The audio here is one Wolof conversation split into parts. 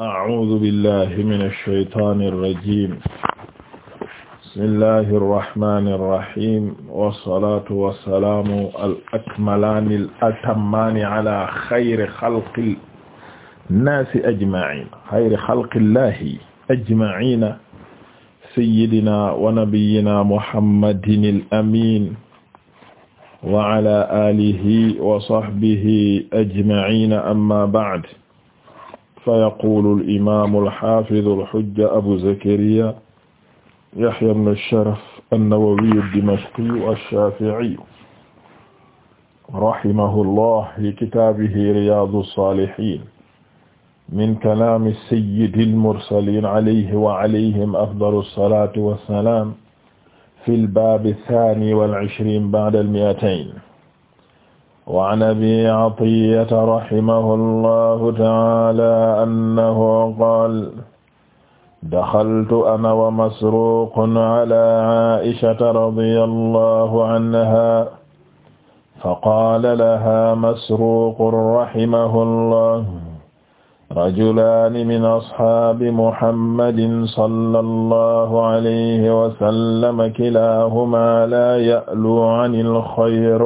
أعوذ بالله من الشيطان الرجيم بسم الله الرحمن الرحيم والصلاة والسلام الأكملان الأتمان على خير خلق الناس أجمعين خير خلق الله أجمعين سيدنا ونبينا محمد الأمين وعلى آله وصحبه أجمعين أما بعد fayaqulu al-imaamu al-haafidu al-hujja abu zakariya yahya ibn sharaf an-nawawiyu ad-dimashqiyu ash-shaafi'iyu rahimahullah fi kitaabihi riyaadu saalihiin min kalaami sayyidil mursaliin alayhi wa alayhim afdalu salaati wa salaam fil baabi saani wal ishriin ba'da al-mi'atayn waan abi atiyata rahimahu allahu taala annahu qaal daxaltu ana wa masruqun ala aishata radiya allahu anha faqaala laha masruqun rahimahu allah rajulaani min ashaabi muhammadin sallallahu alayhi wa sallam kilaahumaa laa ya'luu anil xayr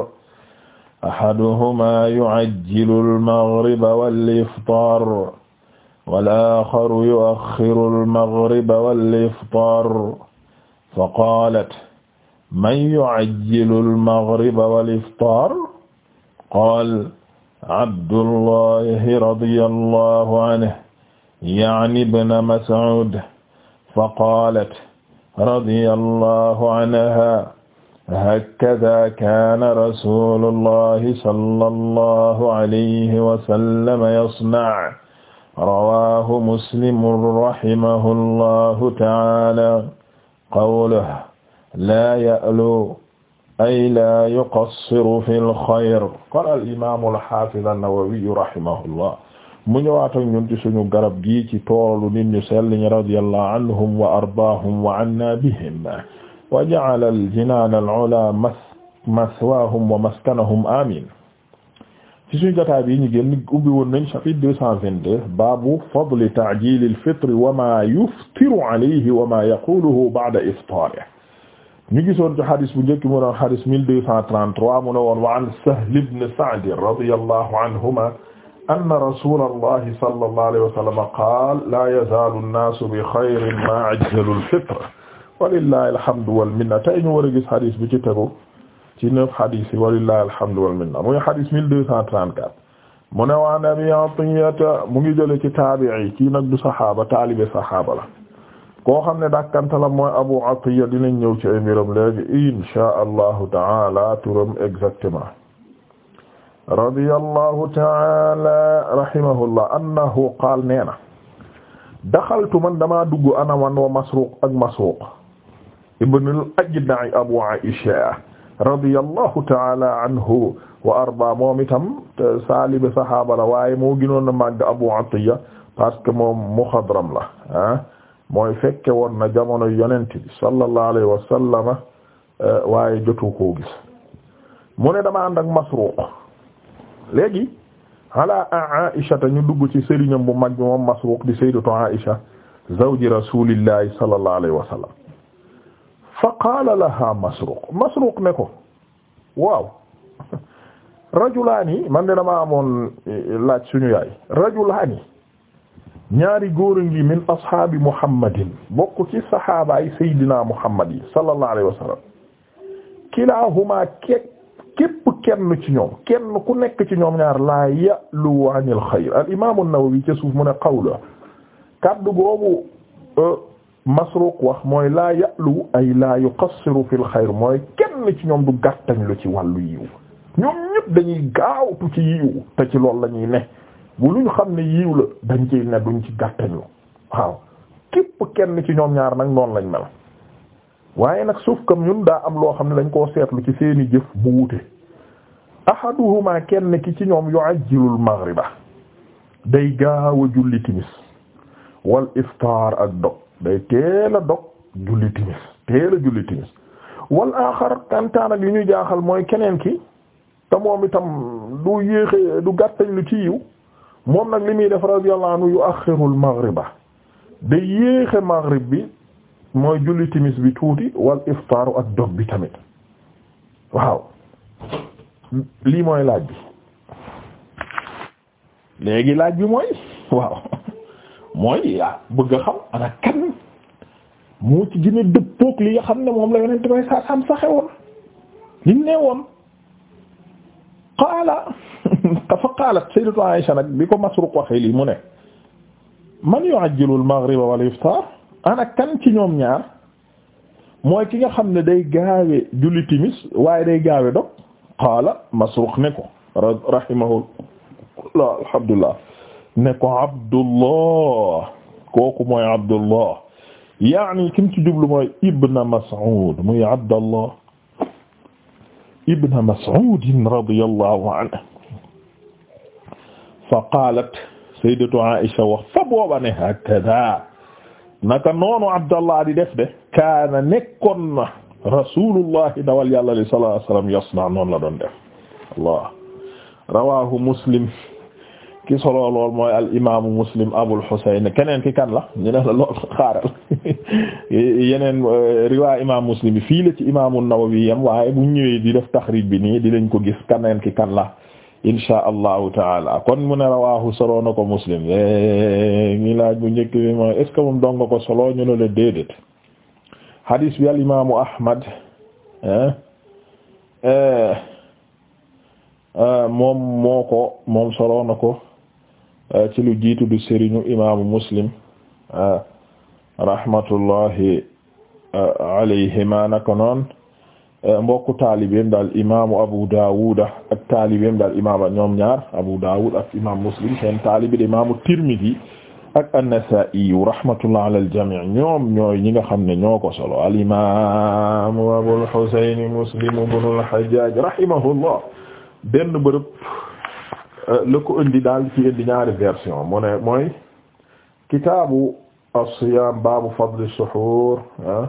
axaduhuma yucajjilu almagriba waliftaar walaaxaru yuaxxiru almagriba waliftaar faqaalat man yucajjilu almagriba waliftaar qaala cabdullahi radiyallahu anhu yacni ibna mascuud faqaalat radiyallahu anha hakada kaana rasulullahi sallallahu alayhi wa sallam yasna rawahu muslimun rahimahullahu taala qawluhu laa ya'lu ay laa yuqassiru fil xayr qaala al-imaamu al-haafiz an-Nawawi rahimahullah mu ñëwaat ak ñun ci suñu garab gi ci toolu nit ñu sell ñi radiyallahu anhum wa ardaahum wa anna bihim wa ja'ala al-jinaan al-'ulaa maswaahum wa maskanahum amiin ci suñu jotaay bi ñu génn ubbi woon nañ chapitre deux cent vingt-deux baabu fadli ta'jiil al-fitr wa maa yuftiru alayhi wa maa yaquluhu ba'da iftaarihi ñu gisoon ci xadis bu njëkk mu doon xadis mille deux cent trente-trois mu ne woon wa an Sahl ibn Sa'd radiyallahu anhuma anna rasuulallahi sallallahu alayhi wa sallam qaala laa yazaalu an-naasu bi xayrin maa ajjalu al-fitr walillahi alhamdu wal minna tey ñu war a gis yi walillahi alhamdu wal minna muy mu ne waa Abi Atiyata mu ngi jële ci taabi'i kii nag du saxaaba taalibe saxaaba la koo xam ne dakkantala mooy Abu Atiya dinañ ñëw ci ay mbiram léegi inshaa allahu taala turam exactement radiyallahu taala rahimahullah annahu qaal nee na daxaltu man damaa dugg ana man wa Masruq ak Masruq ibn al-Ajda' Abu Aisha radiyallahu ta'ala anhu wa arda moom itam saalibe sahaaba la waaye moo gënoon a màgg Abu Atiya parce que moom muxadram la ah, mooy fekke woon na jamono yonent bi sallallahu alayhi wa sallama eh, waaye jotu koo gis mu ne dama ànd ak Masruuq léegi ala Aisha ñu dugg ci sëriñam bu mag bi moom Masruuq di sayyidatu Aisha zawji rasulillahi sallallahu alayhi wa sallam fa qaala laha masruq masruq ne ko waaw rajulaani man de dama amoon eh, laaj suñu yaay rajulaani ñaari góor a ngi min ashaabi muhammadin bokk ci saxaabaay saydina muhammad yi sallallahu alayhi wa sallam kilahuma képp képp kenn ci ñoom kenn ku nekk ci ñoom ñaar laa ya'lu anil xayr al imaamu an-Nawawi ca suuf mu ne qawla kaddu boobu euh, Masruq wax mooy laa ya'lu ay laa yuqassiru fil xayr mooy kenn ci ñoom du gàttañ lu ci wàllu yiw ñoom ñëpp dañuy gaawtu ci yiw te ci loolu lañuy ne bu lu ñu xam ne yiw la dañ ciy ne duñ ci gàttañ lu waaw képp kenn ci ñoom ñaar nag noonu lañ mel waaye nag suuf kam ñun daa am loo xam ne dañ koo seetlu ci seeni jëf bu wuute ahaduhuma kenn ki ci ñoom yu'ajjilul maghriba day gaaw a julli timis wal iftaar ak dog day teel a dog julli timis teel a julli timis wal aaxar kantaan yu ñu jaaxal mooy keneen ki te moom itam du yéexe du gàttañ lu ci yiw moom nag li muy def radiyallahu anhu yu axirul maghriba day yéexe maghrib bi mooy julli timis bi tuuti wal iftaaru ak dog bi tamit waaw lii mooy laaj bi léegi laaj bi mooy waaw mooy yaa bëgg a xam ana kan moo ci gën a dëppook li nga xam ne moom la yonent bay sa sam saxe woon liñ ne woon qaala fa qaalat sayyidatu Aisha nag bi ko Masruq waxee lii mu ne man yu'ajjilu al-maghrib wal iftaar ana kan ci ñoom ñaar mooy ki nga xam ne day gaawe julli timis waaye day gaawe dog qaala Masruq ne ko rahimahu Allah alhamdulillah ne ko Abdullah kooku mooy Abdullah yaani kim ci jublu mooy Ibn Mas'ud muy Abdullah Ibn Mas'ud radiyallahu anhu fa qaalat sayyidatu Aisha wax fa booba ne hakaza naka noonu Abdallah di def de kaana nekkoon na rasulullahi dawal yàlla sallallahu alayhi wasallam yasna noonu la doon def Allah rawahu Muslim ki solo lool mooy al imaamu muslim abul husayn keneen ki kan la ñu ne yeneen euh, riwaa imaam muslim bi fii la ci imaamu nawawi yam waaye bu ñëwee di def taxrij bi nii di lañ ko gis keneen ki kan la insha allahu taala kon mu ne rawaahu solo na ko muslim ngi laaj bu njëkk bi mooy est ce que ko solo ñu ne la déedéet hadis bi al imaamu ahmad euh, euh, moom moo ko moom solo na ko. Eh, ci lu jiitu du sëriñu imaamu muslim eh, rahmatullahi eh, alayhima naka noon mbokku taalibeem daal imaamu Abu Dawud ak taalibeem daal imaam Abu Dawud ak imaamu Tirmidhi ak an-Nasa'i rahmatullah ala ñoom ñooy ñi nga xam ne ñoo ko solo al-imaamu Abul Husayn Muslim ibn al-Hajjaj rahimahullah benn bërëb Euh, la indi daal ci indi ñaari version mu mooy kitaabu as-siyaam baabu fadli as-suhuur ah,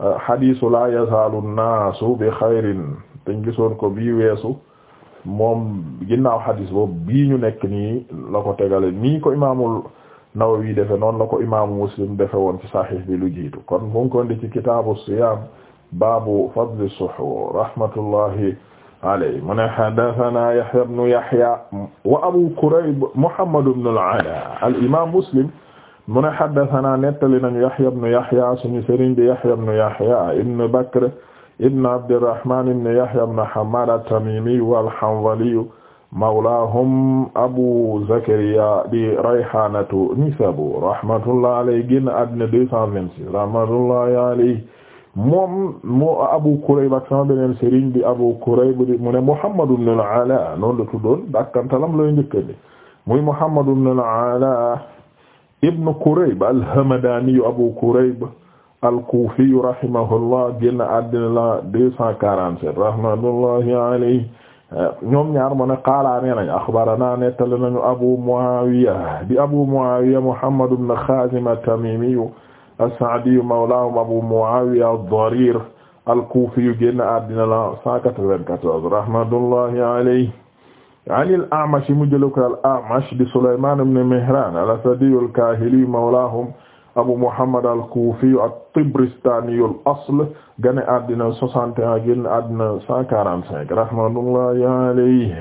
ah, hadiisu laa yazaalu an-naasu bi xayrin dañ gisoon ko bii weesu moom ginnaaw hadis boobu bii ñu nekk nii la ko tegale nii ko imaamul Nawawi defe noonu la ko imaamu Muslim defe woon ci saxiix bi lu jiitu kon mu ngi ko indi ci kitaabu as-siyaam baabu fadli as rahmatullahi alay mu ne hadathana yahya ibnu yahya wa abu kurayb muhammad ibnu al-ala al-imam muslim mu ne hadathana nettali nañu yahya ibnu yahya suñu sëriñ bi yahya ibnu yahya ibnu bakr ibnu abdirrahman ibnu yahya ibnu hammad at-tamimi wal-hanzali mawlahum abu zakariya di rayhanatu nisabur rahmatullah alayhi génn àddina 226 rahmatullah alayhi moom moo Abu Kurayb ak sama beneen sëriñ bi Abu Kurayb di mu ne Muhammad ibn al-Ala noonu la tuddoon dakkantalam looy njëkkandi muy Muhammad ibn al-Ala ibn Kurayb al-Hamadani Abu Kurayb al-Kufi rahimahullah génn àddina la deux cent quarante-sept rahmatullahi alayhi ñoom ñaar mu ne qaala nee nañ axbarana nettali nañu Abu Muawiya di Abu Muawiya Muhammad ibn Khazim at-Tamimi as-Sa'diyu mawlaahum Abu Mu'aawiya ad-Dariir al-Kuufiyu génn àddina la 194 rahmatullahi alayhi an al-A'mash mu jël ko al-A'mash di Sulaymaan ibn Mihraan al-Asadiyu al-Kaahiliyu mawlaahum Abu Muhammad al-Kuufiyu at-Tabristaaniyu al-asl génn àddina 61 génn àddina 145 rahmatullahi alayhi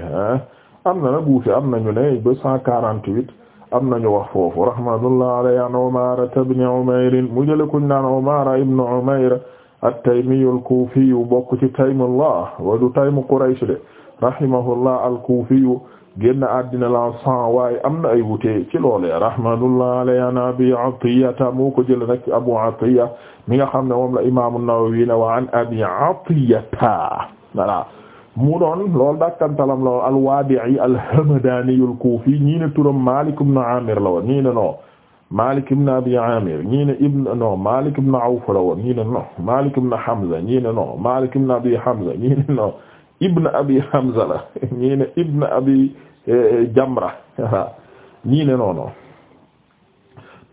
am na nag wuute am nañu ne ba 148 am nañu wax foofu rahmatullah alayhi an Umaara ibn Umayr mu jële kuñ naan Umaara ibn Umayr at-Taymi al-Kufi bokk ci Taymullah wa du Taymu Quraysh de rahimahullah al-Kufi génn àddina la cent waaye am na ay wute ci loolee rahmatullah alayhi an Abi Atiyya moo ko jële nag Abu Atiyya mi nga xam ne moom la Imaamu Nawawi wa an Abi Atiyya voilà mu doon loolu dakkantalam la al-Wadi'i al-Hamdani al-Kufi ñii ne turam Malik ibn Amir la woon ñii ne non Malik ibn Abi Amir ñii ne ibn non Malik ibn Awf ñii ne non Malik ibn Hamza ñii ne non Malik ibn Abi Hamza ñii ne non ibn Abi Hamza la ñii ne ibn Abi Jamra ñii ne non non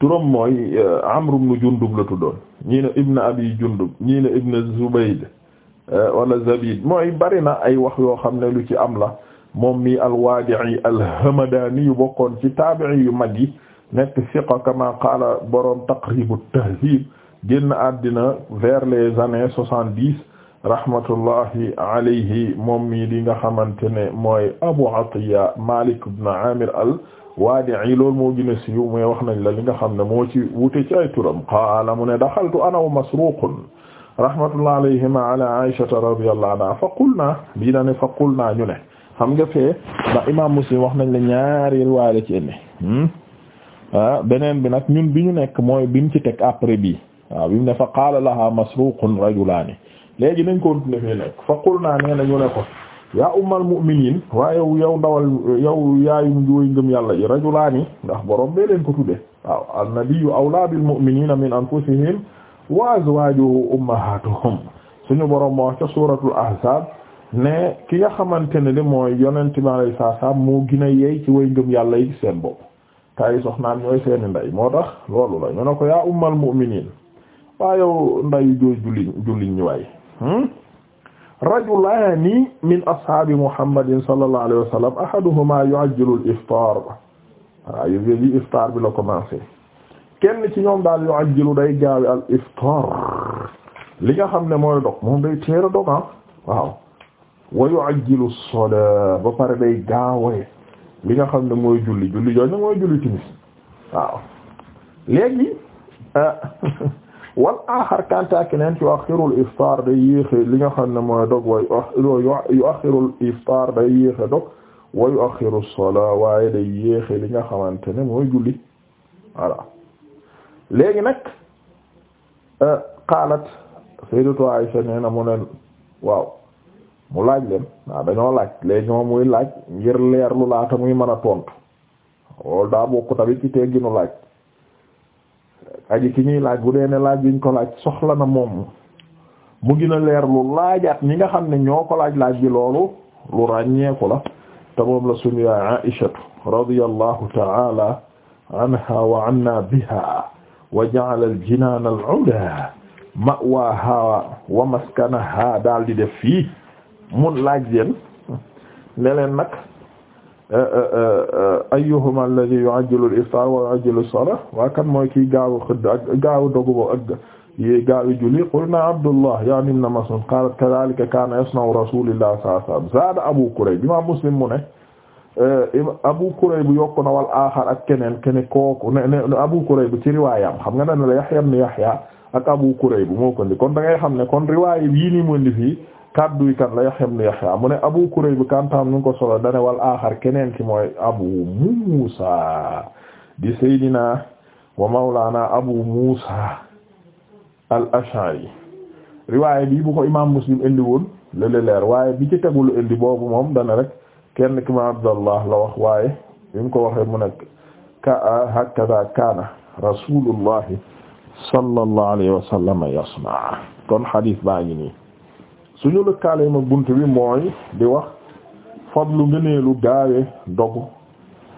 turam mooy Amr ibn Jundub la tuddoon ñii ne ibn Abi Jundub ñii ne ibn Zubayd Euh, wala Zabid mooy bari na ay wax yoo xam ne lu ci am la moom mi al-Wadi'i al-Hamadani yu bokkoon ci taabi'i yu mag yi nekk siqa kama qaala borom Taqrib at-Tahdhib génn àddina vers les années soixante-dix rahmatullahi alayhi moom mi di nga xamante ne mooy Abu Atiya Malik ibn Amir al-Wadi'i loolu moo gën si siiw mooy wax nañ la li nga xam ne moo ci wute ci ay turam qaala mu ne daxaltu ana wa Masruq rahmatullah alayhima ala aishata radiyallahu anha fa qulna bii dane fa qulna ñu ne xam nga fee ndax imam muslim wax nañ le ñaari riwaaya la ci hmm? beneen bi nag ñu bi ñu nekk mooy bi mu ci teg après bi mu ne fa qaala laha masruqun rajulaani léegi nañ continuer fii nekk fa qulna nee na ñu ne ko yaa ummal mu'miniin waaye yow ndawal yow yaayum jooy ngëm yàlla yi rajulaani ndax borom bee leen ko tudde waaw an nabiyyu awlaa min anfusihim wa azwaajuhu ummahatuhum suñu borom moo wax ca suuratul ahzab ne ki nga xamante ne de mooy yonent bi alayhi salaam moo gën a yey ci way ngëm yàlla yi seen bopp te ay soxnaam ñooy seeni ndey moo tax loolu la ñu ne ko yaa ummal mu'miniin waa yow ndeyu joo julli julli ñi waay rajulaani min ashaabi muhammadin sallallahu alayhi wa ahaduhuma yu'ajjilu al-iftaar bi la commencé kenn ci ñoom daal yu'ajjilu day gaawi al iftar li nga xam ne mooy dog moom day teer dog ah waaw wa yu'ajjilu as-salat ba pare day gaawee li nga xam ne mooy julli julli jooju nag mooy julli timis waaw léegi ah, wal axar kanta keneen ci yu'akhirul iftar day yéexe li nga xam ne mooy dog wa yu'akhirul iftar day yéexe dog wa yu'akhiru as-salat waaye day yéexe li nga xamante ne mooy julli voilà léegi nag euh, qaalat sayyidatu Aisha nee mu ne waaw mu laaj leen waaw dañoo laaj léegi moom muy laaj ngir leerlu laata muy mën a tontu loolu daa bokk tamit ci tegginu laaj aji ki ñuy laaj bu dee laaj biñ ko laaj soxla na moom mu gën a leerlu laajaat ñi nga xam ne ñoo ko laaj laaj bi loolu lu ràññeeku la te moom la suñu yaay Aishatu radiyallahu ta'ala anha wa anna biha wa ja'ala al-jinaan al-'ulaa ma'waahaa wa maskanahaa daal di def fii mun laaj leen ne leen nag eh, eh, eh, ayyuhumaa alladhii yu'ajjilu al-iftaar wa yu'ajjilu as-salaa waa kan mooy kii gaawu xëdd ak gaawu dogu ba ak gaawu julli qulnaa Abdullah ya'ni ibn Mas'uud qaala kadhaalika kaana yasna'u rasuulullaah sallallaahu alayhi wa sallam zaada Abuu Kurayb imaam Muslim mu ne Eh, Abu bu yokk na wal aaxar ak keneen keneen kooku ne ne Abu Kurayb ci riwaayam xam nga daan na la Yahya ibn Yahya ak Abu Kurayb moo ko indi kon da xam ne kon riwaay yii nii mu indi kan la Yahya ibn Yahya mu ne Abu Kurayb kantaam nu ko solo da wal aaxar keneen ki mooy Abu Muusa di Seydina wa Mawlana Abu Muusa al-Ash'ari riwaay bi ko imaam Muslim indi woon leer waaye bi ci tegul indi boobu moom dana rek. kenn ki ma Abdallah la wax waaye bi mu ko waxee mu nekk ka hakada kaana rasulullahi sallallahu alayhi wa sallam yasna kon hadith baa ngi nii suñu lëkkaale ma bunt bi mooy di wax fadlu ngëneelu gaawee dogu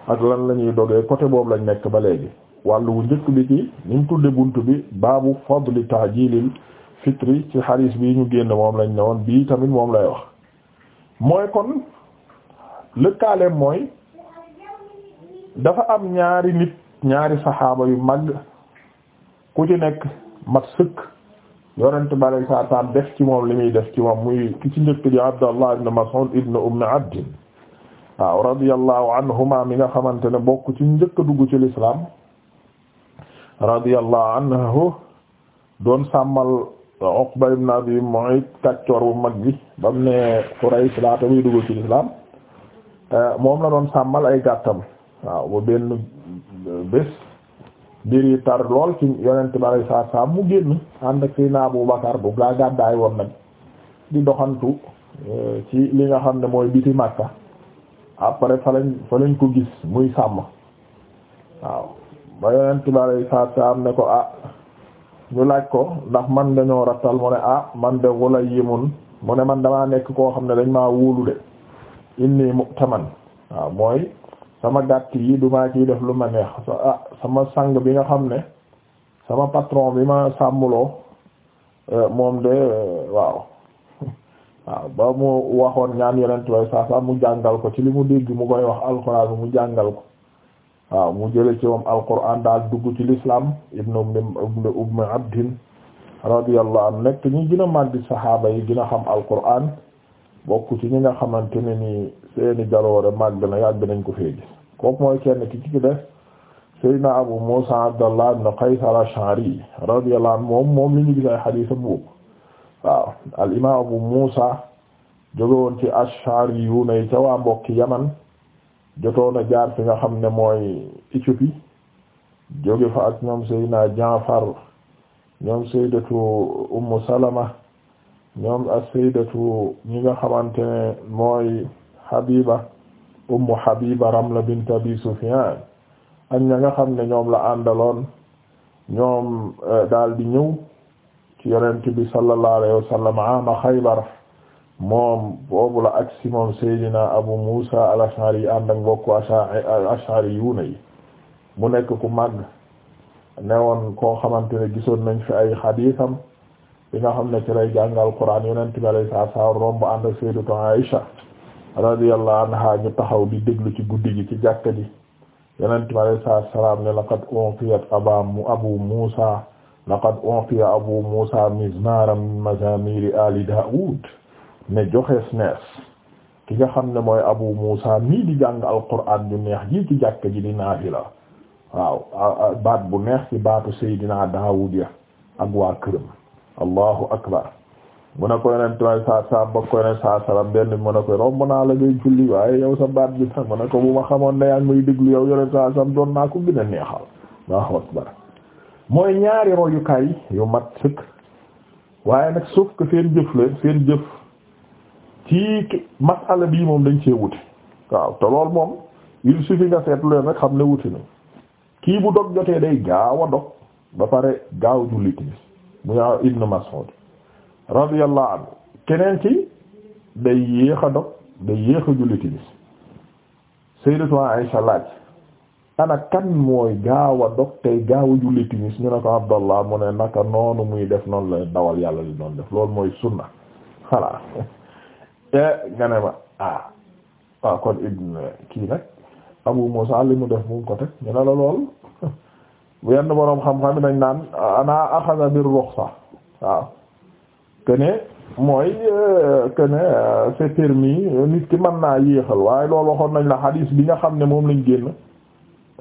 ak lan la ñuy dogee côté boobu lañ nekk ba léegi wàllu bu njëkk bi ci ni mu tudde bunt bi baabu fadli taajilil fitri ci hadith bi ñu génn moom lañ ne woon bii tamit moom lay wax mooy kon lëkkaaleem mooy dafa am ñaari nit ñaari saxaaba yu mag ku ci nekk mat sëkk yonent bari saa saam def ci moom li muy def ci moom muy ki ci njëkk di Abdallah ibn Mas'ud ibn Umm Abd waaw radiyallahu anhuma mi nga xamante ne bokk ci njëkk dugg ci l'islam radiyallahu anhu doon sàmmal Uqba ibn Abi Mu'ayt kàccoor bu mag bi ba mu ne Quraysh laata muy dugg ci l'islam Euh, moom la doon sàmmal ay gàttam waaw ba benn bés mbir yi tar lool ci yonent bi alayhi salaatu mu génn ànd ak Seydina Abu Bakar bu gaa gàddaay woon nag di doxantu euh, ci li nga xam ne mooy biti Makka après fa lañ fa lañ ko gis muy sàmm waaw ba yonent bi alayhi salaatu ne ko ah ñu laaj ko ndax man dañoo rattal mu ne ah man de wala yimun mu ne man damaa nekk koo xam ne dañ maa wóolu de inni mu'taman waaw mooy sama gàtt yi du maa ciy def lu ma neex ah, sama sang bi nga xam ne sama patron bi ma sàmmuloo euh, moom de euh, waaw waaw ba mu waxoon ñaan yeneen way saa saa mu jàngal ko ci li mu dégg mu koy wax alxuraan mu jàngal ko waaw mu jële ci moom alxuraan daal dugg ci l'islam ibnu ibnu ibnu abdin radiyallahu anhu nekk ñi gën a màgg saxaaba yi gën a xam alxuraan bokk ci ñi nga xamante ne nii seeni jaloore màgg na yàgg nañ ko fee gis mooy kenn ki ci def Seydina Abu Musa Abdallah ibn Qays al-Ash'ari radiyallahu anhu moom moom li ñu gis ay xadiisam boobu waaw al imaam Abu Musa jóge woon ci Ash'ari yu waa mbokki Yaman jotoon a jaar nga xam ne mooy Éthiopie jóge fa ak ñoom Seydina Jaafar ñoom Sayyidatu Ummu Salama ñoom as-sayyidatu ñi nga xamante ne mooy Habiba ummu Habiba Ramla bint Abi Sufyan ak ña nga xam ne ñoom la àndaloon ñoom eh, daal di ñëw ci yonent bi sallallahu alayhi wa ama Xaybar moom boobu la ak si moom Seydina Abu Musa al-Ash'ari ànd ak mbokku Ash'ari yu mu nekk ku màgg ne woon koo xamante ne gisoon nañ fi ay xadiisam bi nga xam ne ci lay jàngal Qur'an yonent bi alayhi salaatu wa salaam romb ànd ak Sayyidatu Aisha radiyallahu anha ñu taxaw di déglu ci guddi gi ci jàkka bi alayhi salaatu wa salaam ne laqad unfiyat aba mu abu Musa laqad unfiya abu Musa mizmaran min mazamiri ali Daoud ne joxes nees ki nga xam ne mooy abu Musa mii di jàng alqur'an ju neex ji ci jàkk ji di naafila waaw baat bu neex ci baatu Seydina Daoud ya ak waa këram. allahu akbar mu ne ko yeneen tubaab saa saa bokk yeneen saa salaam benn mu ne ko romb naa la ngay julli waaye yow sa baat bi mu a ko bu ma xamoon ne yaa ngi may déglu yow yeneen saa salaam doon naa ko gën a neexal allahu akbar mooy ñaari royukaay yu mat sëkk waaye nag sauf que seen jëf la seen jëf ci masala bii moom dañ cee wuti waaw te loolu moom il suffit nga seetlu leen rek xam ne wuti nag kii bu dog jotee day gaaw a dog ba pare gaaw julli muya ah ibnu Mas'ud radiyallahu anhu keneen ki day yéex a dog day yéex a julli timis sayyidatu Aisha laaj ana kan mooy gaaw a dog tey gaaw a julli timis ñu ne ko Abdallah mu ne naka noonu muy def noonu la dawal yàlla li noonu def loolu mooy sunna voilà eh, nga ne ma ah waaw ah, kon ibn kii nag Abu Musa mu def mu ngi ko teg ñu ne la lool yenn boroom xam-xam dañ naan ana axada bir ruxsa waaw que ne mooy euh, que ne euh, c'est nit ki man naa yéexal waaye lool waxoon nañ la xadiis bi nga xam ne moom lañu génn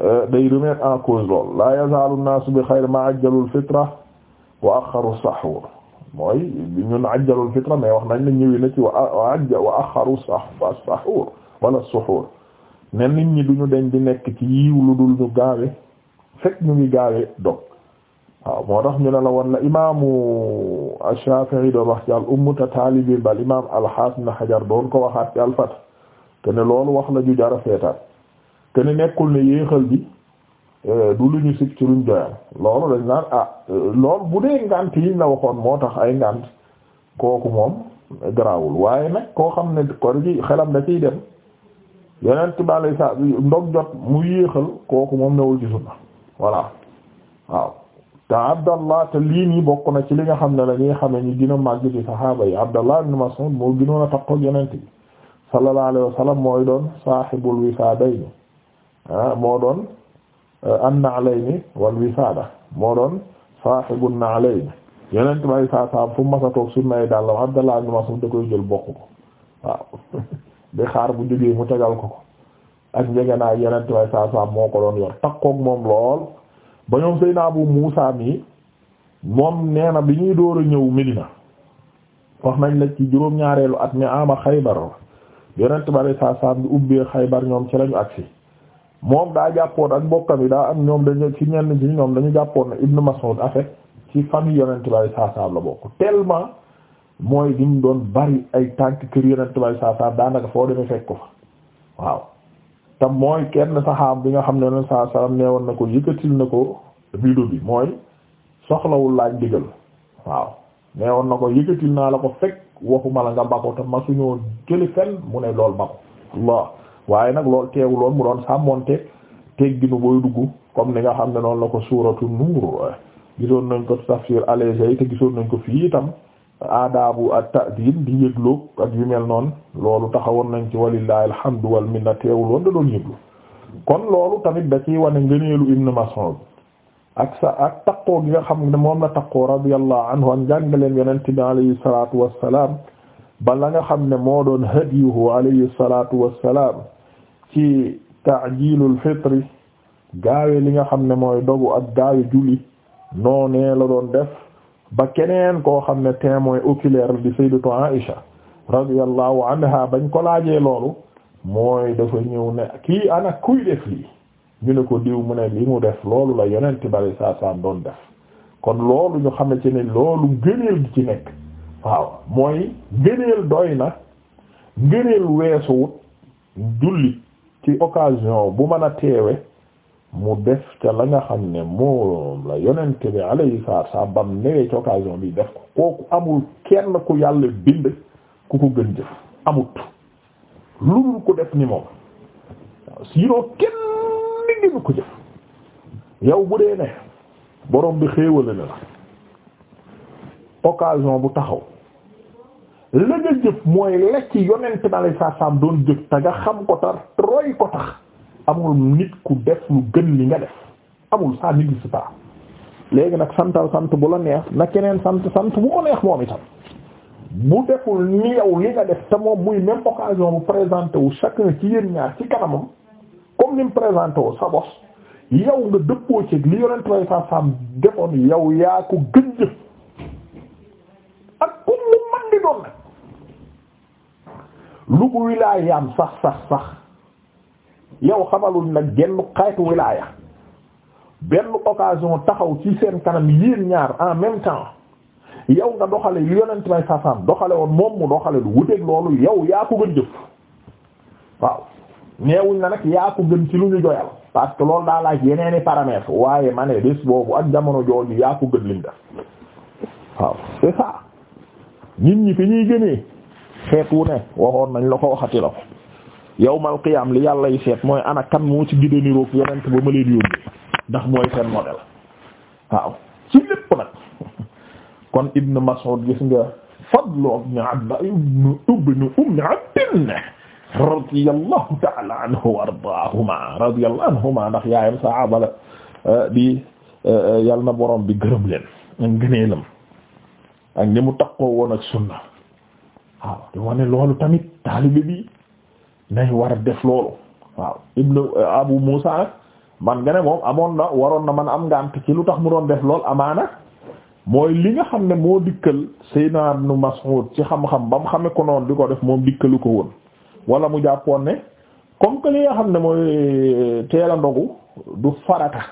euh, day remettre en cause lool la yazaalu naasu bi xayr ma ajjalul fitra wa axaru sahur mooy ñun ajjalul fitra mais wax nañ la ñëwee ci wa ajja wa axaru sahur wala suhur ne nit ñi duñu deñ di nekk ci yiw lu dul ñu gaawe fekk ñu ngi gaawee dog waaw moo tax ñu ne la woon na imaamu Shaafi'i doon wax ci al umm te taalibi doon ko waxaat ci al-Fath loolu wax la ju jar a seetaat te ne nekkul ne yéexal bi euh, du lu ñu sikk ci luñ joyal loolu dañ naan ah loolu bu dee ngant yi la waxoon moo tax ay ngant kooku moom garaawul waaye nag koo xam ne kon ci xelam da ciy dem yeneen tubaab yi saa ndog jot mu yéexal kooku moom newul ci sunna voilà waaw te abdallah te lii nii bokk na ci li nga xam ne la ñuy xamee ñu gën a màgg ci saxaaba yi abdallah ibn Mas'ud moo gënoon a takk ak yonent bi sallallahu alayhi wa mooy doon saaxibul wisaadayni ah, moo doon eh, a nalayni wal wisaada moo doon saaxibun na'layni yonent bi saa saa fu masa toog suñu may dàllam abdallah ibn Mas'ud da koy jël bokk ko waaw di xaar bu jógee mu tegal ko ko. ak njegenaay yenente way saa saa moo ko doon yor takkook moom lool ba ñoom Seydina Abu Muusa mi moom nee na bi ñuy door a ñëw Medina wax nañ la ci juróom-ñaareelu at mi ama Xaybar yonent bari saa saa bi ubbee Xaybar ñoom ci lañu si moom daa jàppoon ak mbokkam yi daa am ñoom dañu ci ñenn ci ñoom dañu jàppoon ne Ibn Mas'ud en fait ci famille yonent bari saa saa la bokk tellement mooy li mu doon bari ay tànk kër yonent bari saa saa foo demee fekk ko te mooy kenn saxaab bi nga xam ne leen saa salaam nee woon na ko yëkkatil na ko rido bi mooy soxlawul laaj digal waaw nee woon na ko yëkkatil naa la ko fekk waxuma la nga bako te ma suñoo jëli fenn mu ne lool bako waaw waaye nag lool teewuloon mu doon te sàmmoonte tegginu booy dugg comme ni nga xam ne noonu la ko suuratu nuur gisoon nañ ko tafsir allégé te gisoon nañ ko fii itam aadaabu at-ta'dib di yëglu ak yu loolu taxawoon nañ ci walillahi alhamdu wal minna teewul woon doon yëglu kon loolu tamit da ciy wane ngëneelu Ibn Mas'ud ak sa ak taqoo gi nga xam ne moom la taqoo radiyallahu anhu an jàngaleen yonent bi alayhi salatu wassalam ba la nga xam ne moo doon hadiyuhu alayhi salatu wassalam ci ta'jilul fitri gaawe li nga xam ne mooy dogu ak gaawe julli noonee la doon def ba keneen koo xam ne témoin oculaire di sayyidatu Aisha radiyallahu anha bañ ko laajee loolu mooy dafa ñëw ne kii ana kuy def lii ñu ne ko diw mu ne li mu def loolu la yeneen bari saa saa doon def kon loolu ñu xam ne ci ne loolu ngëneel gi ci nekk waaw mooy ngëneel doy na ngëneel weesu julli ci occasion bu mën a teewe mu def ca la nga xam ne moom la yonent bi alayhi salaatu salaam bam newee ci occasion bi def ko kooku amul kenn ku yàlla bind ku ko gën jëf amut lu dul ko def ni moom waaw sinon kenn gënu ko jëf yow bu dee ne borom bi xéewale na la occasion bu taxaw la nga jëf mooy la ci yonent bi alayhi salaatu salaam doon jëf te nga xam ko tar ko tax amul nit ku def lu gën li nga def amul ça n'existe léegi nag santal sant bu la neex na keneen sant sant bu ko neex moom itam bu deful ni yow li nga def te moom muy même occasion bu présenté wu chacun ci yéen ñaar ci kanamam comme ni mu présenté wu sa bos yow nga dëppoo ci li yonent way sa sam defoon yow yaa ko gën jëf ak comme mu man di doon nag lu bu wilaayaam sax sax sax yow xamalul nag genn xaytu wilaaya benn occasion taxaw ci seen kanam yéen ñaar en même temps yow nga doxale lu yonent may sasam doxale woon moom mu doxale lu wuteeg loolu yow yaa ko gën jëf waaw neewuñ na nag yaa ko gën ci lu ñu doyal parce que loolu daa yeneeni yeneen i waaye ma ne boobu ak jamono jooju yaa ko gën liñ def waaw c'est ça nit ñi fi ñuy gënee xeet wu ne waxoon nañ la ko waxati la ko yow yawmal qiyaam li yàlla yi seet mooy ana kan moo ci gidee niroog yonent ba ma leen yóbbu ndax mooy seen modèle waaw ci lépp nag kon Ibn Mas'ud gis nga fadlu ibn Abd ibn ibn Umm Abd radiyallahu ta'ala anhu yaayam sahaaba la eh, di eh, yal na borom bi gërëm leen ak ngëneelam ak ni mu takkoo woon ak sunna waaw di wane loolu tamit taalibe bi nay war a def loolu waaw ibnu abu musa nag man nga ne moom amoon na waroon na man am ngànt ci lu tax mu doon def lool amaana mooy li nga xam ne moo dikkal sayyidina ibnu mas'ud ci xam-xam ba mu xame ko noonu di ko def moom dikkalu ko woon wala mu jàppoon ne comme que li nga xam ne mooy euh, teel a ndogu du farata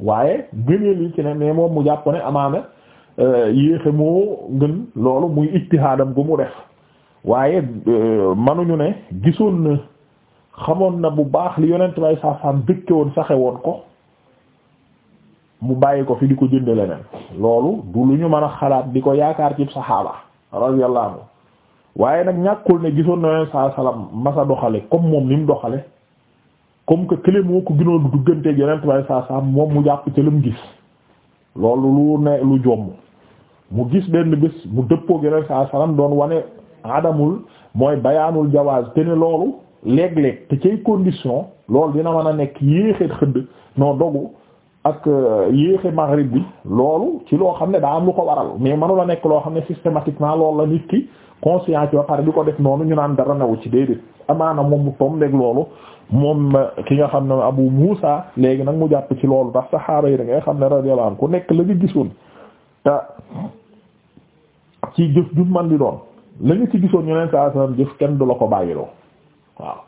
waaye gëneel yi ci ne mais moom mu jàpp ne amaana euh, yéexe moo gën loolu muy ijtihaadam gu mu def waaye euh, manuñu ne gisoon na xamoon na bu baax li yonent bay saasaan dëkke woon saxe woon ko mu bàyyi ko fi di ko jënd leneen loolu du lu ñu mën a xalaat di ko yaakaar ci saxaaba radiyallahu waaye nag ñàkkul ne gisoon na yonent saa salaam masa doxale comme moom ni mu doxale comme que kële moo ko gënoon dugganteeg yonent bay saasaan moom mu jàpp ca mu gis loolu lu ne lu jomm mu gis benn bés mu dëppoog yonent saa doon wane adamul mooy bayaanul jawaaz te ne loolu léeg-léeg te cay condition loolu dina mën a nekk yéexe xëdd noo dogu ak euh, yéexe maghrib bi loolu ci loo xam ne daa am lu ko waral mais mënu la nekk loo xam ne systématiquement loolu la nit ki conscience yoo pare di ko def noonu ñu naan dara newu ci déedéet amaana moom mu tom léeg loolu moom euh, ki nga xam ne Abu Muusa léegi nag mu jàpp ci loolu tax saxaaba yi da ngay xam ne radiyallahu anhu ku nekk la nga gisoon te ci jëf man di la nga ci gisoon yeneen saa salaam jëf kenn du la ko bàyyiloo waaw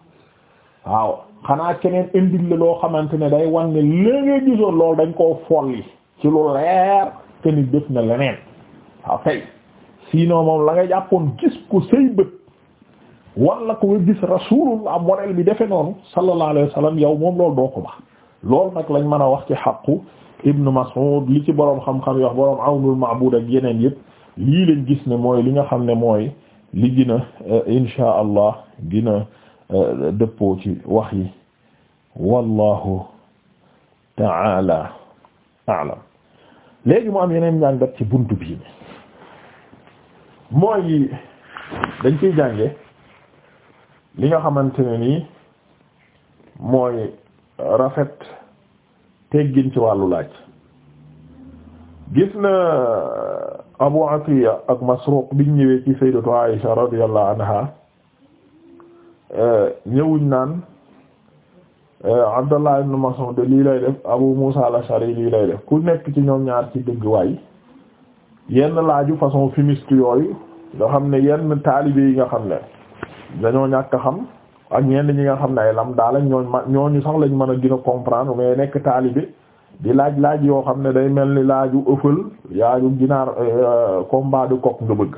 waaw xanaa keneen indil la loo xamante ne day wan ne la nga gisoon loolu dañ koo folli ci lu leer te ni def na leneen waaw tey sinon moom la nga jàppoon gis ko say bët walla ko nga gis rasulullah modèle bi defe noonu sallallahu alayhi wa sallam yow moom loolu doo ko ba loolu nag lañ mën a wax ci xaqu ibnu Mas'ud li ci boroom xam-xam yi wax boroom awnul ma'bud ak yeneen yëpp lii lañ gis ne mooy li nga xam ne mooy li gina euh, insha allah gina euh, dëppoo ci wax yi wallahu taala aalam léegi mu am yeneen njàngat ci bunt bii mooy dañ ciy jànge li nga xamante ne nii mooy rafet teggin ci wàllu laaj gis na Abu Atiya ak Masruq biñ ñëwee ci sayyidatu Aisha radiyallahu anha eh, ñëwuñ naan eh, Abdallah ibn Mas'ud lii lay def Abu Musa al-Ash'ari lii lay def ku nekk ci ñoom ñaar ci dëgg waay yenn laaju façon fumiste yooyu nga xam ne yenn taalibe yi nga xam ne dañoo ñàkk a xam ak ñeen ñi nga xam ne ay lam daal ñooñ ma ñooñu sax lañ mën a gën a comprendre mais nekk taalibe di laaj laaj yoo xam ne day mel ni laaju ëffal yaaju ginaar euh, euh, combat de coq nga bëgg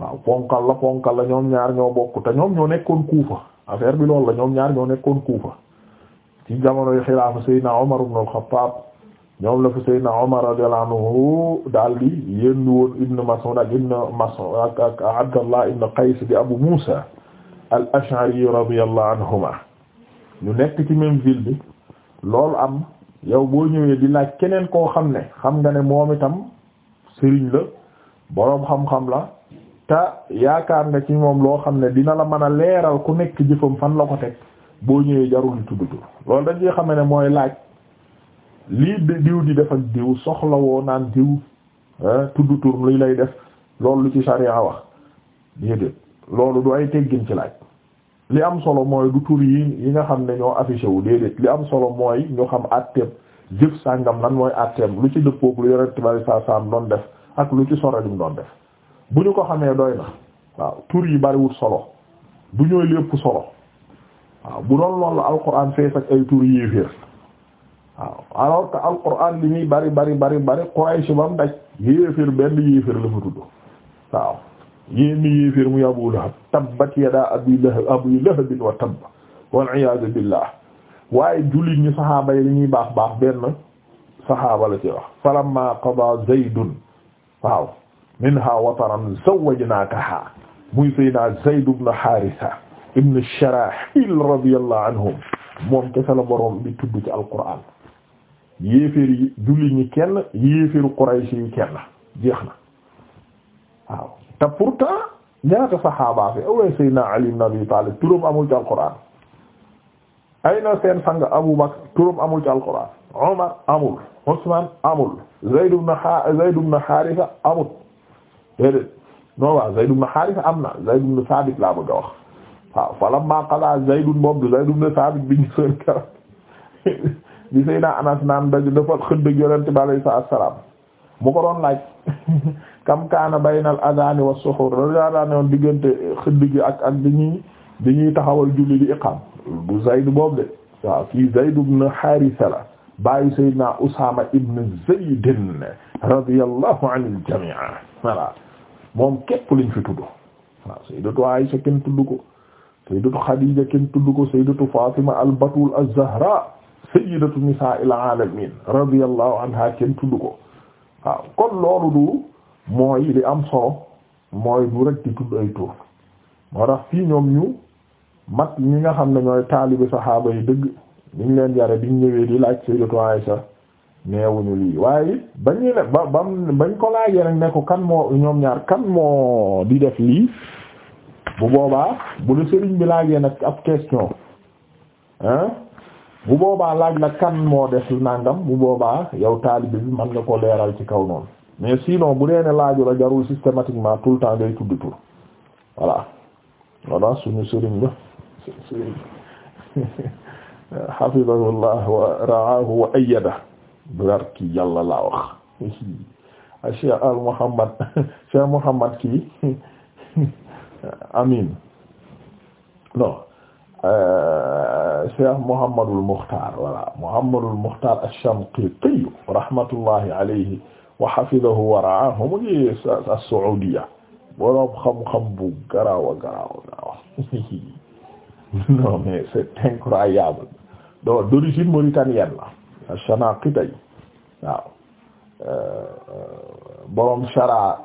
waaw ponkal la ponkal la ñoom ñaar ñoo bokk te ñoom ñoo nekkoon kuufa affaire bi loolu la ñoom ñaar ñoo nekkoon kuufa ci jamonoy xilaafa Seydina Omar ibn al-Khattab ñoom la fa Seydina Omar radiyallahu anhu daal di yéen Ibn Mas'ud ak Ibn ak ak Abdallah Ibn Qays di Abu Musa al-Ash'ari radiyallahu anhuma ñu nekk ci même bi loolu am. yow boo ñëwee di laaj keneen koo xam ne xam nga ne moom itam sëriñ la boroom xam-xam la te yaakaar nga ci moom loo xam ne dina la mën a leeral ku nekk jëfam fan la ko teg boo ñëwee jarul tudd tur loolu dañ ciy xam ne mooy laaj lii diw di def ak diw soxla woo naan diw tudd tur luy lay def loolu lu ci sariya wax déedéet loolu du ay teggin ci laaj. li am solo mooy du tur yi yi nga xam ne ñoo affiché wu déedéet li am solo mooy ñu xam àtteem jëf sàngam lan mooy àtteem lu ci dëppook lu yore tibari saa saam doon def ak lu ci sore lim doon def bu ñu ko xamee doy waaw tur yi bariwul solo du ñooy lépp solo waaw bu doon loolu alquran fees ak ay tur yi fiir waaw alors que alquran li muy bari bari bari bari Quraysh bam daj yéefir benn yéefir la fa tudd waaw yéen ñi yéeféer muy Abu Lahab tabbat yadaa abi lahab abi lahabin wa tabb wal iyaadu billah waaye jullit ñi saxaaba yi li ñuy baax baax benn saxaaba la ci wax falamma qada zaydun waaw minha wataran zawwajnaakaha muy sayyidina zayd ibn haarisa ibn sharaahil radiyallahu anhum moom kese la boroom bi tudd ci alquraan yéeféer yi jullit ñi kenn yéeféeru quraysh yi kenn jeex na waaw te pourtant ñaata saxaabaa fi awee Seydina Ali ibn Abi Talib turam amul ci alquran ay na seen sang Abu Bakr turam amul ci alquran Omar amul Usman amul Zayd ibn Zayd ibn Haarisa amul déedéet non waaw Zayd ibn Haarisa am na Zayd ibn Saabit laa bëgg a wax waaw bi ñu seen keroog bi Seydina dafa xëdd Yonent bi alayhi salaam mu ko doon laaj kam kaana baynal adaan wa suxur loolu daa daan ne woon diggante xëdd gi ak ak bi ñuy bi ñuy taxawal julli di iqam du Zayd boobu de waaw kii Zayd ibn Haarisa la baayu Seydina Usaama ibn Zayd radiyallahu anil jamii voilà moom képp liñ fi tudd waaw Sayyidatu Aysa kenn tudd ko Sayyidatu Xadiija kenn tudd ko Sayyidatu Faatima al-Batuul az-Zahraa Sayyidatu nisaa'il aalamiin radiyallahu anhaa kenn tudd ko waaw kon loolu du. mooy li am solo mooy du rek di tudd ay tur moo tax fii ñoom ñu mat ñi nga xam ne ñooy taalibi saxaaba yi dëgg ñu leen yare biñ ñëwee di laaj Sayyidatu Aisha neewuñu lii waaye bañu ne ba bam bañ ko laajee nag ne ko kan moo ñoom ñaar kan moo di def lii bu boobaa bu la sëriñ bi nag ab question hein bu boobaa laaj la kan moo def nangam bu boobaa yow taalibi bi mën nga ko leeral ci kaw noonu mais sinon bu dee ne laaju la jarul systématiquement tout le temps ngay tudd tur voilà voilà suñu sëriñ la sëriñ hafidahullah wa ra'ahu wa ayyada bar ki yàlla laa wax a cheikh al muhammad cheikh muhammad ki amin non cheikh muhammadul mukhtar voilà muhammadul mukhtar ash-shamqiti rahmatullahi alayhi wa hafidahu wa ra'aahu mu ngi as-Saoudia boroom xam-xam bu garaaw a garaaw garaaw non mais c'est incroyable euh, boroom shara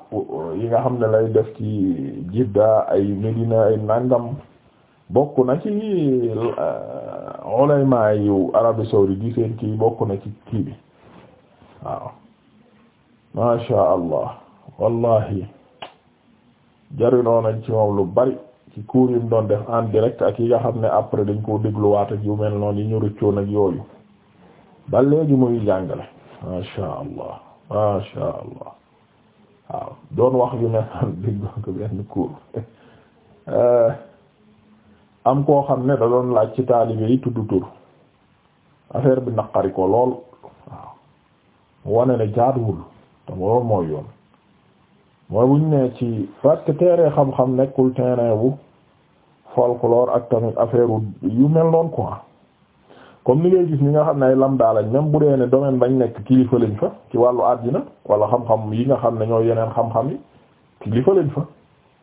yi nga xam ne lay def ci Jidda ay Medina ay nangam bokk na ci euh, ulama yu Arabie saoudite yi seen kii bokk na ci kii bi masha allah wallahi jarinoo nañ ci moom lu bari ci cours yi mu doon def en direct ak yi nga xam ne après dañ koo dégluwaat ak yu mel noonu yi ñu rëccoon ak yooyu ba léegi muy jàngale masha allah masha allah waaw doon wax yu mel noonu déggoon ko benn cours eh, am koo xam ne da doon laaj ci taalibe yi tudd tur affaire bi naqari ko lool waaw wane ne jaaduwul te boobu mooy yoon mooy bu ñu nee ci parce que terrain xam-xam nekkul terrain wu folklore ak tamit affaire yu mel noon quoi comme ni ngay gis ñi nga xam ne ay lambda lañ ñam bu dee ne domaine bañ nekk kilifa lañ fa ci wàllu àddina wala xam-xam yi nga xam ne ñoo yeneen xam-xam yi kilifa lañ fa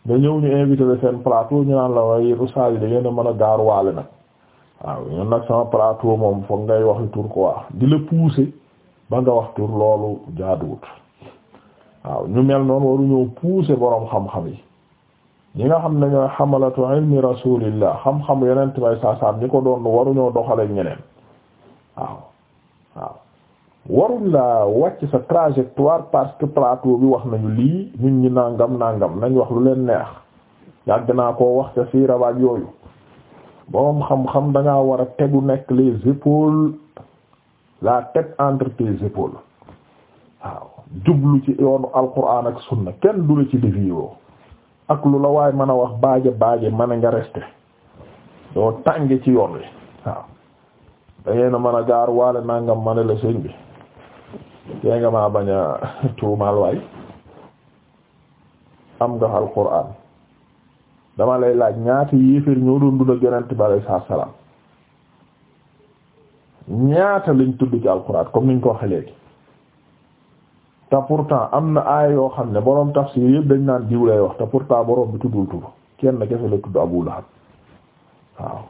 nga ñëw ñu invité la seen plateau ñu naan la waaye rusaay yi da ngeen mën a gaaruwaale nag waaw ñun nag sama plateau moom foog ngay waxi tur quoi di la pousser ba wax tur loolu jaaduwut. waaw ñu mel noonu waruñoo pousser borom xam-xam yi ñi nga xam ne ñooy xamalatu ilmi rasulillah xam-xam yeneen bay saasaam ñi ko doon waruñoo doxale ñeneen waaw waaw warul la wàcc sa trajectoire parce que plateau bi wax nañu lii nit ñi nangam nangam nañ wax lu leen neex yàgg naa koo wax ca siira baak yooyu borom xam-xam da war a tegu nekk les épaules la tête entre tes épaules waaw jublu ci yoonu alquran ak sunna kenn du la ci dévier ak lu la waaye mën a wax baaje baaje mën a nga rester doo tànge ci yoon wi waaw da ngeen a mën a gaar waale nangam mën a la sëñ bi tey nga maa bañ a tuumaal waay am nga alquran dama lay laaj ñaata yéeféer ñoo doon dund ak yonent bi alayhi salaam ñaata lañ tudd ci alquran comme niñ ko waxee léegi. te pourtant am na aaya yoo xam ne boroom tafsir yëpp dañ naan diw lay wax te pourtant boroom bi tuddul tur kenn kese la tudd Abu Lahab waaw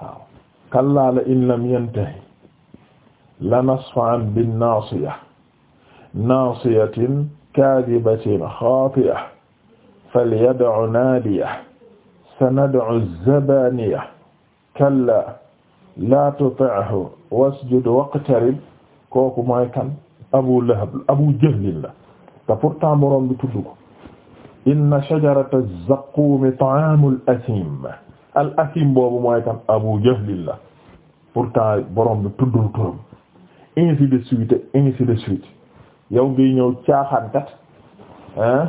waaw kallaa la in lam yantahi la nasfa'an bin naasiya naasiyatin kaadibatin xaati'a falyad'u naadiya sanad'u az-zabaaniya kallaa laa tuti'hu wasjud waqtarib kooku mooy kan abu lahab abu jahlin la te pourtant boroom bi tudd ko inna shajarata zaqqumi ta'amul asim al asim boobu mooy kan abu jahlin la pourtant boroom bi tuddul turam ainsi de suite ci de suite yow ngay ñëw caaxaankat hein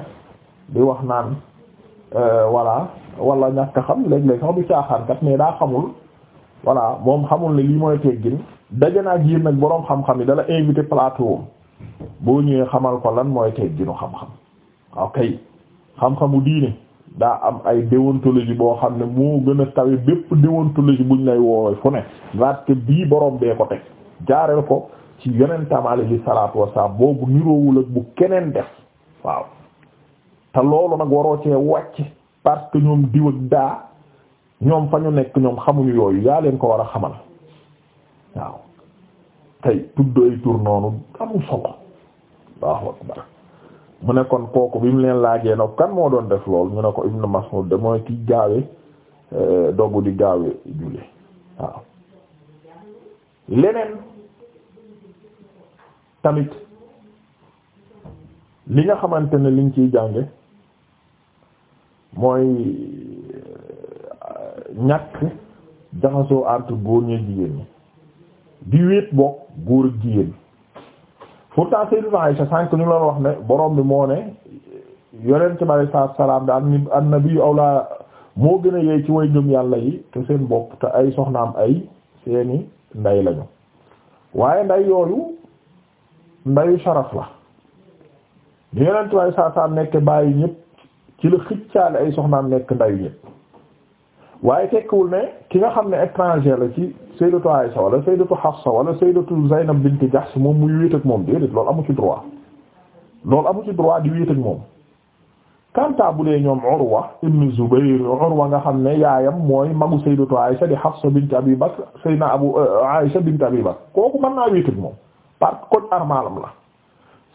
di wax naan euh, voilà wala ñàkk xam léeg-léeg sax du caaxaankat mais daa xamul voilà moom xamul ne lii mooy teggin daje naa jiir nag boroom xam-xam yi dala invité plateau boo ñëwee xamal ko lan mooy teg ginu xam-xam ok xam-xamu diine daa am ay déontologie boo xam ne moo gën a tawe bépp déontologie buñ lay woowee fu ne laajte bii borom bee ko teg jaareel ko ci yonentam alayhi salaatu wasalaam boobu niroowul ak bu keneen def waaw te loolu nag waroo cee wàcc parce que ñoom diw ak daa ñoom fa ñu nekk ñoom xamuñu yooyu yaa leen ko war a xamal. waaw tey tudd ay tur noonu amul solo Allahu akbar mu ne kon kooku bi mu leen laajee nag kan moo doon def lool ñu ne ko Ibn Mas'ud de mooy ki gaawe eh, di gaawe julli waaw leneen tamit li nga xamante ne liñ ciy jànge mooy eh, ñàkk jaxasoo entre góor ñi jigéen ñi di wéet boog góor ak jigéen pourtant Sayyidatu Aisha sànq ñu la wax ne borom bi moo ne yonent bi alayhi salaatu salaam da annabi moo gën a ci way ngëm yàlla yi te te ay soxnaam ay seeni nday lañu waaye nday yooyu ndayu sharaf la ñu yonent bi alayhi salaatu salaam nekk bàyyi ñëpp ci la xiccaale ay soxnaam nekk ndayu ñëpp waaye tekkiwul ne ki nga xam ne étranger la ci sayyidatu Aisha wala sayyidatu Hafsa wala sayyidatu bint Jahsh moom muy wéet ak moom déedéet loolu amu ci droit loolu amu ci droit di wéet ak ibn Zubayr Urwa nga xam ne yaayam mooy magu sayyidatu Aisha di Hafsa bint Abi Bakr sayyidina Abu euh, kooku mën naa wéet ak moom parce que code la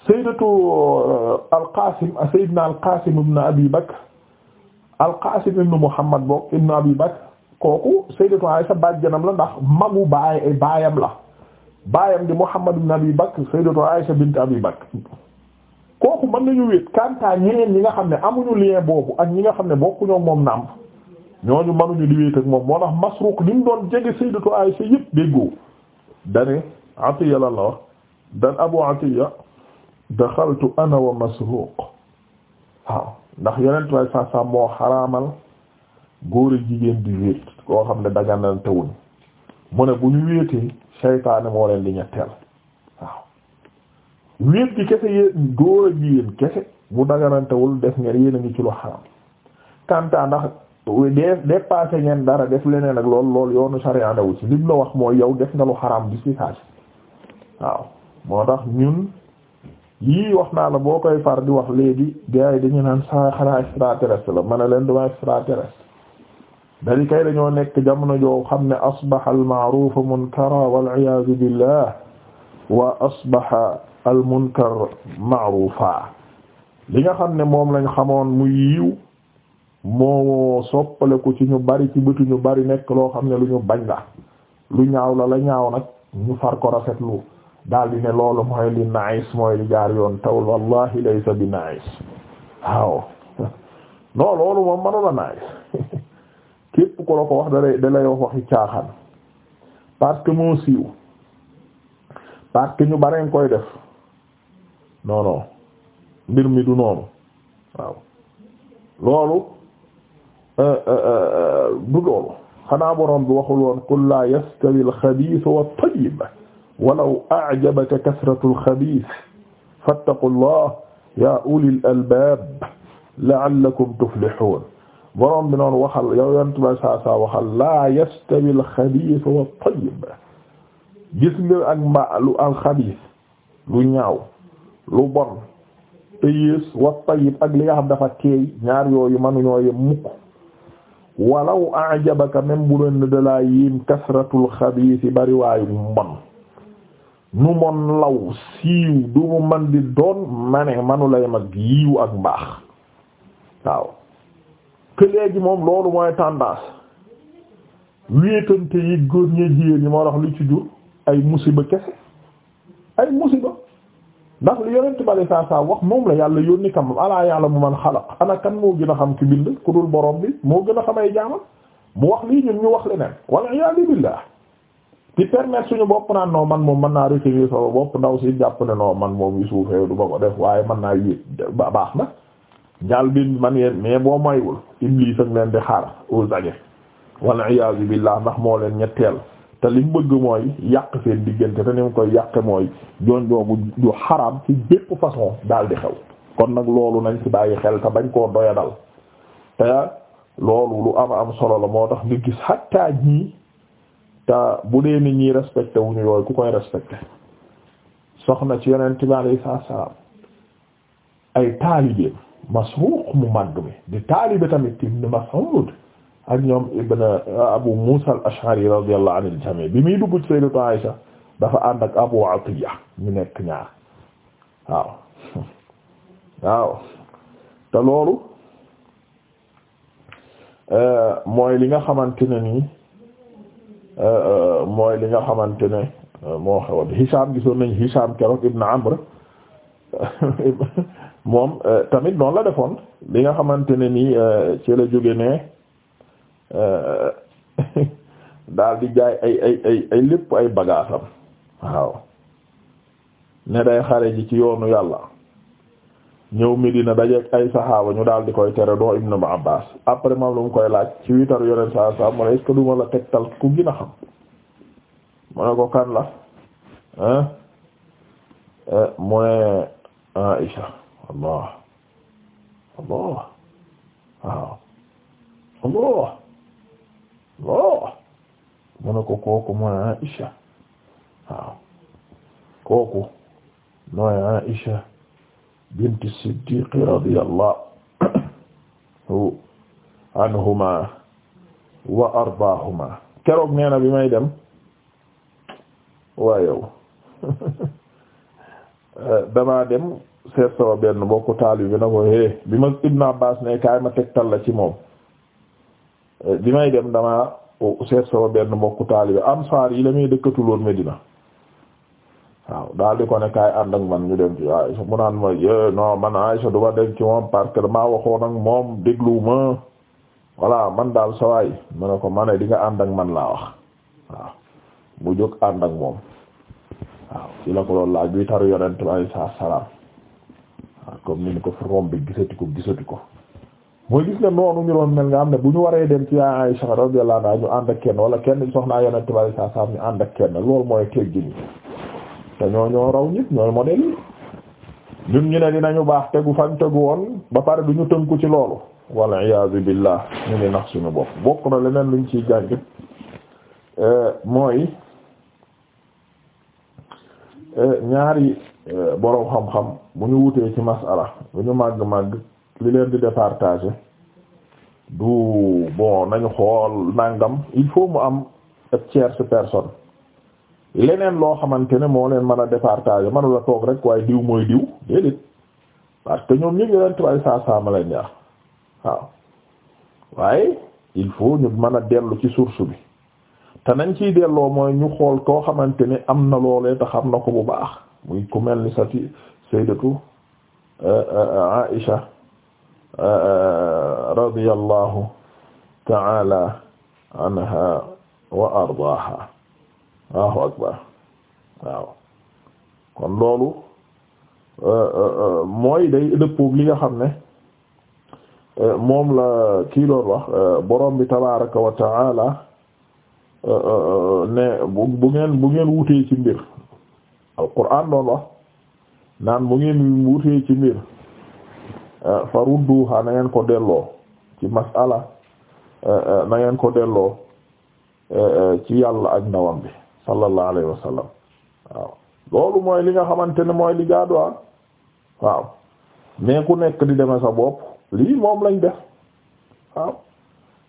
sayyidatu euh, al-Qasim sayyidina al-Qasim ibn ibn Muhammad kooku sayyidatu Aisha bàjjanam la ndax magu baay baayam la baayam di Muhammad ibn Abi Bakr sayyidatu Aisha bint Abi Bakr kooku mën nañu wéet kantaa ñeneen ñi nga xam ne amuñu lien boobu ak ñi nga xam ne bokkuñoo moom nàmp ñooñu mënuñu di wéet ak moom moo tax Masruq li mu doon jege sayyidatu Aisha yëpp déggoo dane Atiya la la wax dan Abu Atiya daxaltu ana wa waaw ndax yeneen tuwaay saa saa moo xaraamal góor jigéen di wéet koo xam ne daganal tawuñ mu ne bu ñu wéetee seytaane moo leen di ñetteel waaw wéet gi kese yéen dóor a ji yéen kese bu daganantewul def ngeen yéen a ngi ci lu xaram kanta ndax dee dépassé ngeen dara def leneen ak lool lool yoonu sariya wu ci lim la wax mooy yow def nga lu xaraam bi si saasi waaw moo tax ñun yii wax naa la boo koy far di wax léegi gars yi dañu naan saa xanaa extraterrestre la ma ne leen duma extraterrestre dañ kay dañoo nekk jamono joo xam ne asbaha almaarufu munkara waliyaadu billah wa asbaha almunkar maarufa li nga xam ne moom lañ xamoon mu yiw moo soppale ci ñu bari ci bëtu ñu bari nekk loo xam ne lu ñu bañ la lu ñaaw la la ñaaw nag ñu far ko rafetlu daal di ne loolu mooy li naais mooy li jaar yoon tawul wallahi laysa bi naais waaw non loolu moom mënu la képp ko la ko wax dalay dalay wax waxi caaxaan parce que moo siiw parce que ñu bareen koy def non non mbir mi du noonu waaw loolu euh, euh, euh, du loolu xanaa borom bi waxul woon qul laa yastawi alxabiis wa tayyib walaw a'jabaka kasratu alxabiis fattaqu allah ya ulil albaab la'allakum tuflihun borom bi noonu waxal yow yonent saa saa waxal laa yastawi wa tayyib ak mba lu al xabiis lu ñaaw lu bon te wa tayyib ak li nga xam dafa teey ñaar yooyu manuñoo yem mukk walaw ajabaka même bu doon da laa yéem kasratul xabiis bari mbon nu mon law siiw du mu man di doon ma ne mag yiiw ak mbaax waaw que léegi moom loolu mooy tendance wéetante yi góor ñee jigéen ñi moo tax lu ci jur ay musiba kese ay musiba ndax lu yonent bale saa saa wax moom la yàlla yónni kam alaa yàlla mu man xalaq ana moo gën a xam ki bind ku dul borom bi moo gën a xam ay jaamam mu wax lii ñun ñu wax leneen walla iyaadu billaah di permettre suñu bopp naan noo man moom mën naa retenir sama bopp ndaw si jàpp ne noo man moom yu suufee du ma def waaye man naa yéeg baax na jàll bi man mais boo maywul iblis ak leen di xaar aux aguets wal iyaazu billah ndax moo leen ñetteel te li mu bëgg mooy yàq seen diggante te ni mu koy yàq mooy joon joogu ju xaraam ci bépp façon daal di xew kon nag loolu nañ ci bàyyi xel te bañ koo doyadal te loolu lu am am solo la moo tax nga gis xattaa ñii te bu dee nit ñii respecté wuñu yooyu ku koy respecté soxna ci yeneen bi alayhi salaam ay taalibeem Masruq mu màgg mi di taalibe tamit ibn Mas'ud ak ñoom ibn euh, Abu Musa al-Ash'ari radiyallahu anil jami' bi muy dugg ci Sayyidatu Aisha dafa ànd ak Abu Atiya ñu nekk ñaar waaw waaw te loolu euh, mooy li nga xamante ne nii euh, mooy li nga xamante ne moo xewoon Hisham gisoon nañ Hisham keroog ibn Amr moom euh, tamit noonu la defoon li nga xamante ne nii euh, ci la jóge ne euh, daal jaay ay ay ay ay lépp ay bagaasam waaw ne day xare ji ci yoonu yàlla ñëw Medina dajeek ay saxaaba ñu daal di koy tere doo Ibnu Abbaas après moom lu mu koy laaj ci witar yoneen saa saa ne est-ce duma la tegtal ku gën xam mu ne ko kan la mu ne Aisha allah allah waaw ah. allah allah mu ne ko kooku mooy Aisha waaw ah. kooku mooy Aisha bint Siddiq radiyallahu anhuma wa ardaahuma keroog nee na bi may dem waayow Euh, damaa dem seet sama benn mbokku taalibe na ko hé eh, bi ma Ibn Abbas ne kaay ma tegtal la ci moom euh, bi may dem damaa seet sama benn mbokku taalibe ansaar yi la muy dëkkatuloon Medina waaw daal di ko ne kaay ànd ak man ñu dem ci Aysa a naan ma eh, non man Aysa du ma dem ci moom parce que damaa waxoon ak moom déglu ma man daal sawaay ma ne ko ma ne nga ànd ak man laa wax waaw mu jóg ànd ak moom. waaw ci la ko loolu laaj bi taru yonent bi alayhi salaam waaw comme ni ñu ko fi romb gisati ko gisati ko mooy gis nga noonu ñu doon mel nga am ne bu ñu waree dem ci yaa Aisha radiyallahu anha ñu ànd ak kenn wala kenn soxnaa yonent bi alayhi salaam ñu ànd ak kenn loolu mooy teggin te ñoo ñoo raw nit ñooy modèle yi ñun ñu ne dinañu baax tegu fañ tegu woon ba pare du ñu tënku ci loolu walla iyaazu billah ñu ngi nax suñu bopp bokk na leneen ñu ciy jàng eh, ñaari euh, borom xam-xam bu ñu wutee ci masala bu ñu màgg-màgg li leen di départager du bon nañu xool nangam il faut mu am ak tierce personne leneen loo xamante ne moo leen mën a départager mënula toog rek waaye diw mooy diw déedéet parce que ñoom ñëpp yeneen tubaab saa saa ma waaw waaye il faut ñu mën a dellu ci source bi. te nañ ciy delloo mooy ñu xool koo xamante ni am na loolee te xam na ko bu baax muy ku mel ni sati sayyidatu eh, eh, Aisha eh, radiyallahu ta'ala anha wa ardaaha Allahu akbar kon loolu mooy day dëppoog li nga xam ne moom la kii doon wax borom bi tabaaraka wa ta'ala ne bu bu ngeen wutee ci mbir alquran doon wax naan bu ngeen wutee ci mbir farudduha na ngeen ko delloo ci masala na ngeen ko delloo ci yàlla ak ndawam bi sallallahu alayhi wa waaw loolu mooy li nga xamante ne mooy li gaaduwaa ah. waaw mais ku nekk di deme sa bopp lii moom lañ def waaw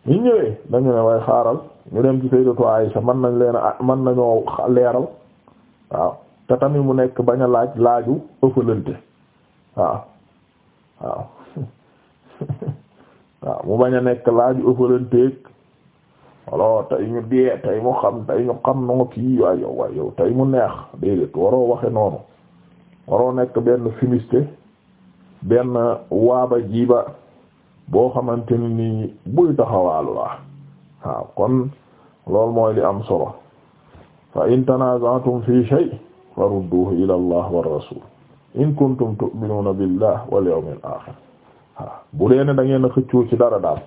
ñu ñëwee dañu ne way xaaral ñu dem ci sayyidatu Aisha mën nañ leen ah, mën nañoo leeral waaw te tamit mu nekk bañ a laaj laaju ëppalante waaw waaw waaw mu bañ a nekk laaju ëppalanteeg alors tey ñu dee tey mu xam tey ñu xam noo kii waay yow waay tey mu neex déedéet waroo waxe noonu waroo nekk benn fumiste benn waaba jiiba boo xamante ni nii buy taxawaalu la waaw kon loolu mooy li am solo fa in tanaza'tum fi shay farudduhu ila allah war rasul in kuntum tu'minuna billah wal yawmil akhir waaw bu dee ne da ngeen a ci dara daal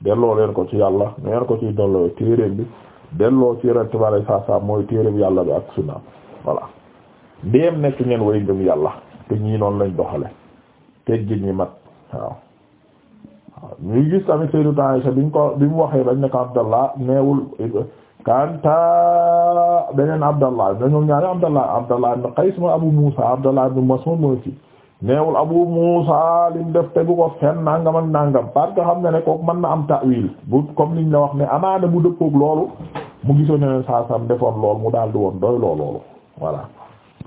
delloo leen ko ci yàlla nu ngeen ko ci delloo téeréem bi delloo ci retibale saa mooy téeréem yàlla bi ak sunnaam voilà ndéem nekk ngeen way ngëm yàlla te ñii noonu lañ doxale teggin ñi mat waaw waaw ñuy gis tamit Sayyidatu Aisha biñ ko bi mu waxee bañ ne ko Abdallah neewul kanta beneen Abdallah dañoo ñaari Abdallah Abdallah ibn Qays mo Abu Musa Abdallah ibn Mas'ud mo ci neewul Abu Musa lim def tegu ko fenn nangam ak nangam parce xam ne ne ko man na am ta'wil bu comme niñ la wax ne amaana mu dëppook loolu mu gisoon yeneen saa sam defoon lool mu daal di woon doy loo loolu voilà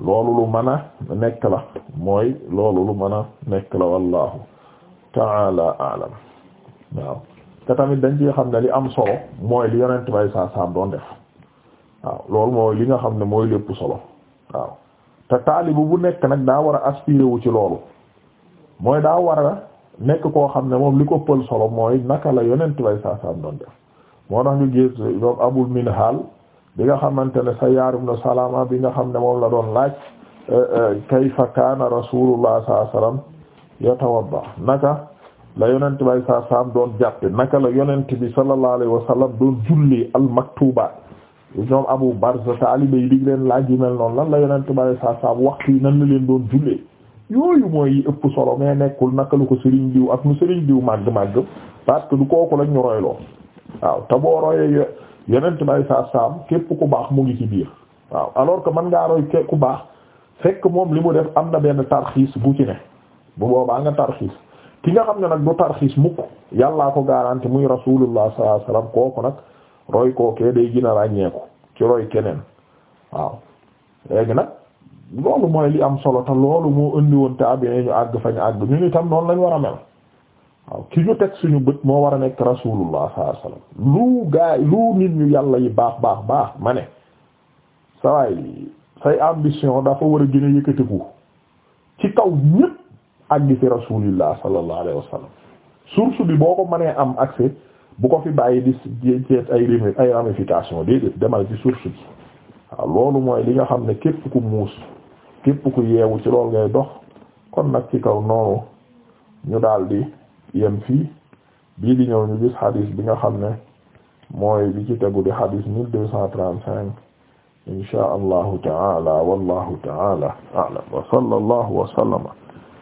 loolu lu mën a nekk la mooy loolu lu mën a nekk la wallahu ta'ala a'lam waaw te tamit dañ ci xam ne li am solo mooy li yonent bay saa doon def waaw loolu mooy li nga xam ne mooy lépp solo waaw te taalibu bu nekk nag daa war a aspiré wu ci loolu mooy daa war a nekk koo xam ne moom li ko pël solo mooy naka la yonent bay saa doon def moo tax nga gis yow abul minhal bi nga xamante ne Sayyaar ibn salaama bi nga xam ne moom la doon laaj eh, eh, kayfa kaana rasulullah sallallahu alayhi wasallam yatawadda naka la yonent bay saa saam doon jàppe naka la yonent bi sallallahu alayhi wa sallam doon julli al maktuba ñoom Abu Barza taalibe yi dig leen laaj yu mel lan la yonent bay saa saam waxtu yi nan la leen doon jullee yooyu mooy ëpp solo mais nekkul naka lu ko Serigne diw ak nu Serigne diw màgg màgg parce que du kooku lañ ñu royloo waaw te boo royee yonent bay saa képp ku baax mu ngi ci biir waaw alors que man ngaa roy képp baax fekk moom li mu def am na benn tarxiis bu ci ne. bu boobaa nga tarxiis ki nga xam ne nag du tarxiis mukk yàllaa ko garanti muy rasulullah sallallahu alayhi wasallam kooku nag roy kookee day gën a ràññeeku ci roy keneen waaw léegi nag loolu mooy li am solo te loolu moo indi woon te abine ñu àgg fa ñu àgg ñu ni tam noonu lañ war a mel waaw ki ñu teg suñu bët moo war a nekk rasulullah sallallahu alayhi wasallam lu gaay lu nit ñu yàlla yi baax baax baax ma ne sawaay say ambition dafa war a gën a yëkkatiku ci kaw ñépp ak fi rasulillah sallallahu alayhi wa boo ko mënee am accès bu ko fi bàyyi di jeet ay ay ramification déedéet demal ci source bi waaw loolu mooy li nga xam ne képp ku muus képp ku yeewu ci loolu ngay dox kon nag ci kaw noonu ñu daal di yem fii bii di ñëw ñu gis hadis bi nga xam ne mooy bi ci tegu di hadis mille deux cent trente-cinq insha allahu taala wallahu taala a'lam wa sallallahu wa sallama